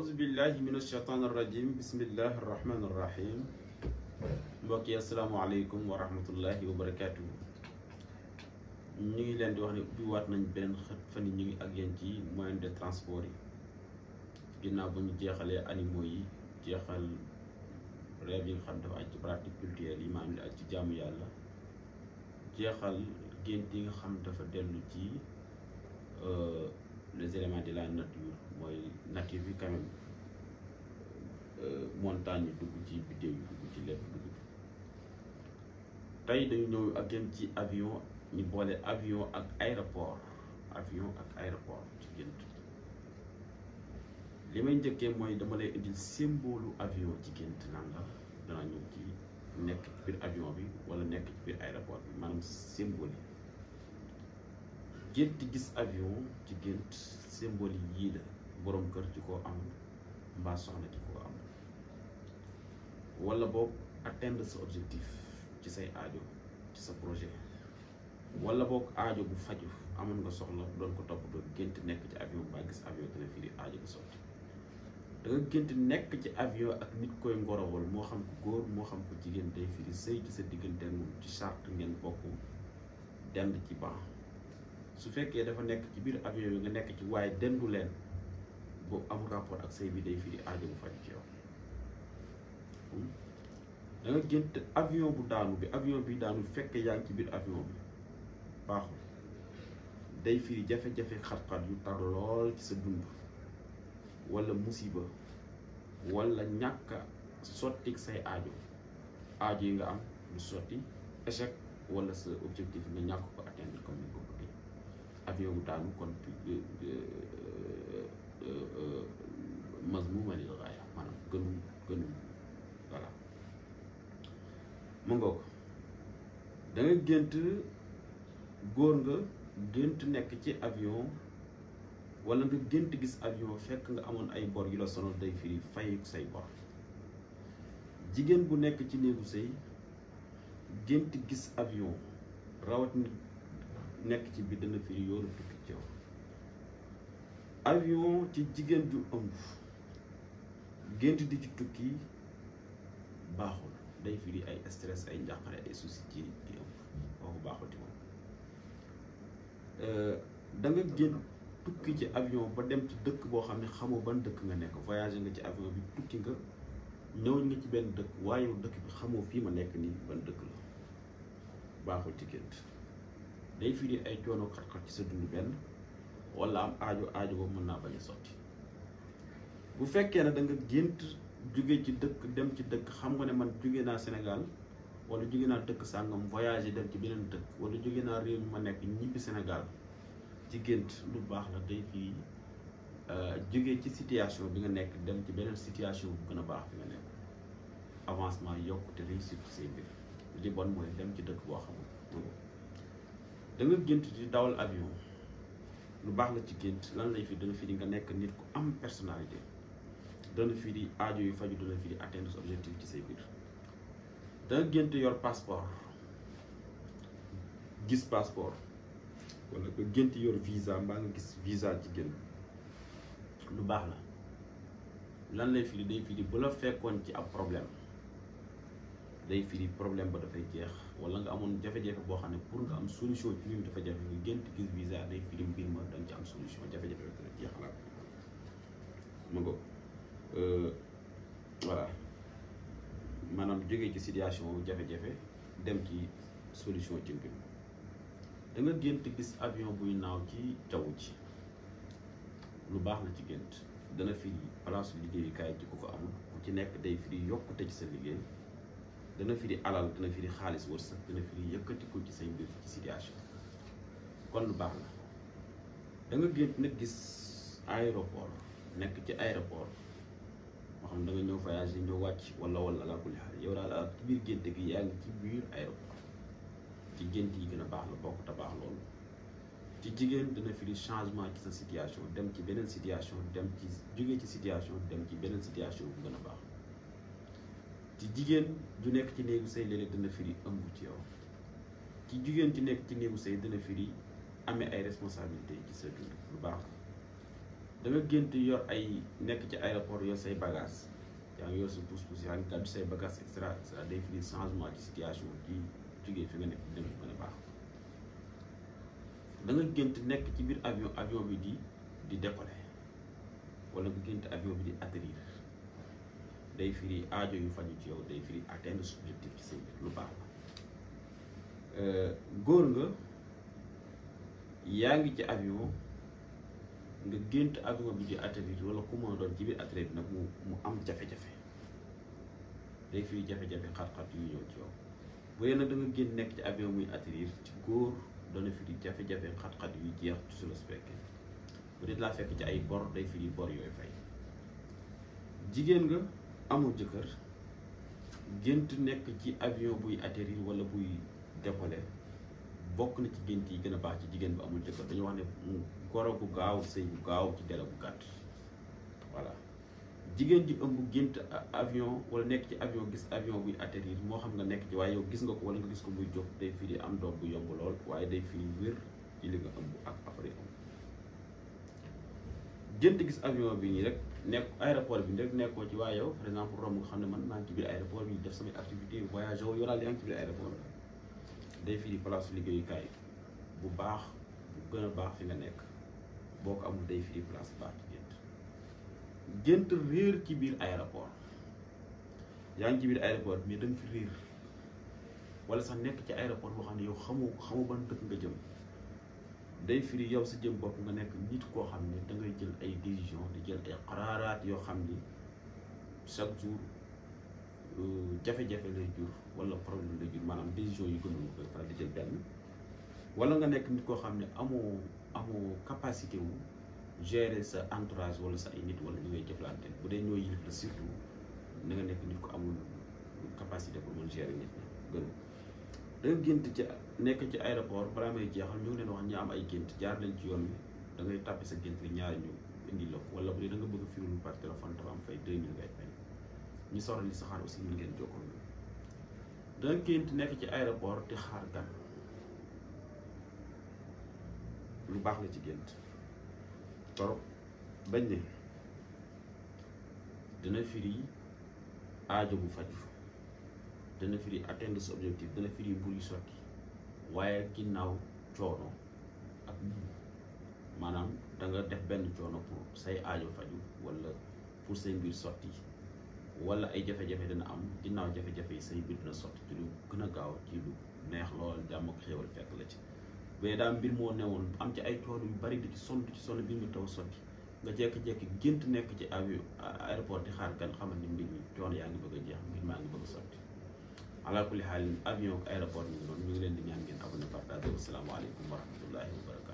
auzu billahi min ashaytaan irrajim bismillahi irrahman irrahim mbokk yi asalaamaaleykum wa rahmatullahi wa barakatuhu ñu ngi leen di wax ni ubbi waat nañ benn xët fan ñu ngi ak yéen ci moyen de transport yi ginnaaw buñu jeexalee animaux yi jeexal rêve yi nga xam dafa aj ci pratique culturelle yi ma am li aj ci jaamu yàlla jeexal gént yi nga xam dafa dellu ci euh, les éléments de la nature mooy nature bi quand euh, dugg ci ci lépp dugg tey dañu ñëw ak yéen ci avion ñu boole avion ak aéroport avion ak aéroport ci gént li may njëkkee mooy dama lay indil symbolu avion ci gént nan la danaa nekk ci biir avion bi wala nekk ci biir aéroport bi maanaam symbole gént gis avion ci gént symbole yii la boroom kër ci koo am mbaa soxna ci koo am wala boobu atteindre sa objectif ci say aajo ci sa projet wala boog aajo bu faju amoon nga soxla doon ko topp doon gént nekk ci avion ba gis avion dina firi aajo bu sotti da nga gént nekk ci avion ak nit koy ngorowal moo xam ko góor moo xam ko jigéen day firi sëy ci sa diggante moom ci charte ngeen bokk dend ci ban su fekkee dafa nekk ci biir avion bi nga nekk ci waaye dendu leen boobu amul rapport ak sëy bi day firi aajo bu faj ci yow gént avion bu daanu bi avion bi daanu fekk yaa ngi ci biir avion bi baaxul day firi jafe-jafe xat-xat yu tar lool ci sa dund wala musiba wala ñàkk sotti say aajo aajo yi nga am du sotti échec wala sa objectif nga ñàkk ko atteindre comme ni ko avion bu daanu kon mazmu manil raaya maanaam gënum gënum voilà mu ngoog da nga gént góor nga gént nekk ci avion walla nga gént gis avion fekk nga amoon ay bor yu la sonal day fii fay say bor jigéen bu nekk ci néegu sëy gént gis avion rawatina nekk ci biir dana firi yoonu tukki ci avion ci jigéen ju ëmb gént di ci tukki baaxul day firi ay stress ay njàqare ay souci ci ci ëmb kooku baaxul ci moom euh, da génn tukki ci avion ba dem ci dëkk boo xam ne xamoo ban dëkk nga nekk voyagé nga ci avion bi tukki nga ñëw nga ci benn dëkk waaye dëkk bi xamoo fii ma nekk nii ban dëkk la baaxul ci gént day firi ay coono xat-xat ci sa dund benn wala am aajo aajo boobu mën naa bañ a sotti bu fekkee ne danga nga gént jóge ci dëkk dem ci dëkk xam nga ne man jóge naa Sénégal wala jóge naa dëkk sàngam voyagé dem ci beneen dëkk wala jóge naa réew mi ma nekk ñibbi Sénégal ci gént lu baax la day fii euh, jóge ci situation bi nga nekk dem ci beneen situation bu gën a baax bi nga nekk avancement yokkute réussite say mbir li bon mooy dem ci dëkk boo xamul danga gént di dawal avion lu baax la ci gént lan lay fii dana fii di nga nekk nit ku am personnalité dana fii di ajo yu faju dana fii di atteindre sa objectif ci say biir da gént yor passeport gis passeport wala nga gént yor visa mbaa nga gis visa jigéen lu baax la lan lay fi di day fii di bu la fekkoon ci ab problème day firi problème ba dafay jeex wala nga amoon jafe-jafe boo xam ne pour nga am solution ci mbir mi dafa jafe nga gént gis visa day firi mbir ma da nga ci am solution jafe-jafe bi euh, maanaam jógee ci situation jafe-jafe dem ci solution ci gént gis avion buy naaw ci jaww ci lu baax na ci gént dana firi place liggéeyukaay ci ku ko amul ku ci nekk day firi yokkute ci sa liggéey. dana firi alal dana firi xaalis wërsëg dana firi yëkkatiku ci say mbir ci situation kon lu baax la da nga nag gis aéroport nekk ci aéroport moo xam da nga ñëw voyage ñëw wàcc wala wala laa ko lixal yow daal ci biir gént gi yaa ci biir aéroport ci gént yi gën a baax la bokk te baax loolu ci jigéen dana firi changement ci sa situation dem ci beneen situation dem ci jóge ci situation dem ci beneen situation bu gën a baax. ci jigéen ju nekk ci néegu sëy léeg-léeg firi ëmb ci yow ci jigéen ju nekk ci néegu sëy dina firi amee ay responsabilité ci sa dund lu baax da nga gént yor ay nekk ci aéroport yor say bagage yaa ngi yor sa pousse-pousse yaa ngi gàddu say bagage et situation ci jógee fi nga nekk dem mën baax da gént nekk ci biir avion avion bi di di décoller wala nga gént avion bi di atterrir day firi aajo yu faju ci yow day firi atteindre subjectif ci seen biir lu baax la euh, góor nga yaa ngi ci abio nga gént avion bi di wala ku ci biir atterrir bi nag mu mu am jafe-jafe day firi jafe-jafe xat-xat yu ñëw ci yow bu dee nag da nga génn nekk ci abio muy atterrir ci góor dana firi jafe-jafe xat-xat yu jeex ci su la fekkee bu dee laa fekk ci ay bor day firi bor yooyu fay jigéen nga amul jëkkër gént nekk ci avion buy atterrir wala buy décoller bokk na ci gént yi gën a baax ci jigéen bu amul jëkkër dañu wax ne goro bu gaaw sëy bu gaaw ci dela bu gàtt voilà jigéen ji ëmb gént avion wala nekk ci avion gis avion buy atterrir moo xam nga nekk ci waaye yow gis nga ko wala nga gis ko muy jóg day firi am doom bu yomb lool waaye day firi wér ci li nga ëmb ak après ëmb gént gis avion bi nii rek nekk aéroport bi rek nekkoo ci waa yow par exemple romb nga xam ne man maa ngi ci biir aéroport bi def samay activité voyage yow yoraal yaa ngi ci biir aéroport bu baax bu baax fi nga nekk boo ko amul day firi place baax ci gént ci biir aéroport yaa ngi ci biir aéroport mais da fi réer wala sax nekk ci aéroport boo xam ne yow xamoo xamu ban dëkk nga jëm day firi yow sa jëm bopp nga nekk nit koo xam ne da ngay jël ay décision di jël ay xaraaraat yoo xam ni chaque jour euh, jafe-jafe lay jur wala problème lay maanaam décision yu gën a koy faral di jël benn wala nga nekk nit koo xam ne amoo amoo capacité wu gérer sa entourage wala sa ay nit wala ñu ngay jëflante bu dee ñoo yilif la surtout na nga nekk nit ko amul capacité pour mën gérer nit ñi gën da nga gént nekk ci aéroport balaa may jeexal ñu ngi leen wax ñi am ay gént jaar leen ci yoon bi da tàppe sa gént gi ñaari ñu indi la ko bu dee da nga bëgg a firul par téléphone dafa am fay 2000 ngay fay ñu soxla li saxaar aussi mën ngeen jokkoo ñu da gént nekk ci aéroport di xaar gan lu baax la ci gént torop bañ ne dina firi aajo bu faj dana firi atteindre sa objectif dana firi mbir yu sotti waaye ginnaaw coono ak maanaam danga def benn coono pour say aajo faju wala pour say mbir sotti wala ay jafe-jafe dana am ginnaaw jafe-jafe yi say mbir dina sotti ci lu gën a gaaw ci lu neex lool jàmm ak xéewal fekk la ci mais daal mbir moo newoon am ci ay coono yu bari di ci sonn ci sonn mbir mi sotti nga jékki-jékki gént nekk ci avion aéroport di xaar gan xamal ni mbir mi coono yaa ngi bëgg a jeex mbir maa ngi ala kulli xaal avion ak aéroport ñu ngi noonu ñu ngi leen di ñaan ngeen abonné partage asalaamaaleykum wa rahmatullahi wa barakatu